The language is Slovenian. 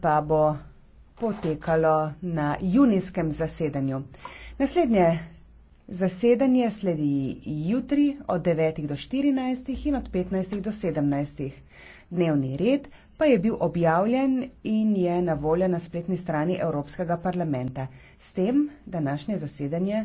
pa bo potekalo na junijskem zasedanju. Naslednje zasedanje sledi jutri od 9. do 14. in od 15. do 17. Dnevni red pa je bil objavljen in je na voljo na spletni strani Evropskega parlamenta. S tem današnje zasedanje.